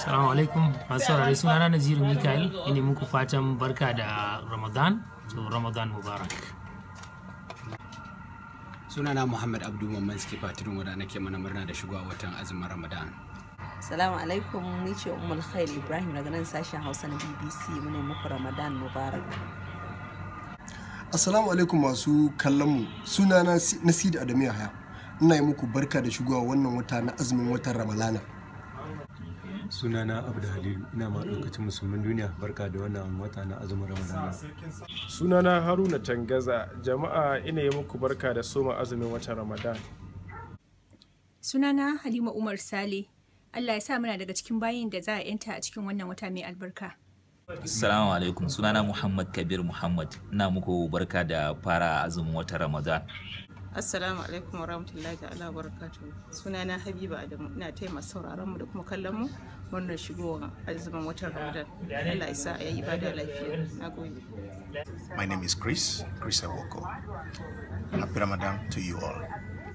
Salamu alaikum masu suna na Naziru Mikael ina muku fatan barka da Ramadan to Ramadan Mubarak. Sunana Muhammad Abdu Mamman suke fatirin wadda nake mana murna da shigowa watan azumin Ramadan. Salamu alaikum ni ce umar Khair Ibrahim daga nan sashen Hausa na BBC muna muku Ramadan Mubarak. Assalamu alaikum masu kallon mu suna na Nasiru Adamu Yahaya ina yi muku barka da shigowa wannan wata na azumin watan Ramadana. sunana da halilu ina ma ɗaukacin musulmin duniya barka da wannan wata na azumin ramadana sunana haruna tangaza jama'a ina yi muku barka da soma azumin watan ramadan sunana halima umar sale allah ya sa muna daga cikin bayin da za a yanta a cikin wannan wata mai albarka Assalamu alaikum sunana Muhammad Kabir Muhammad ina muku barka da fara azumin watan Ramadan. Assalamu alaikum wa rahmatullahi ta'ala wa barakatuhu sunana Habiba Adamu ina taimaka sauraron mu da kuma kallon mu shigowa azumin watan Ramadan. Allah ya sa ya lafiya. Nagode. My name is Chris, Chris Awoko. Happy Ramadan to you all.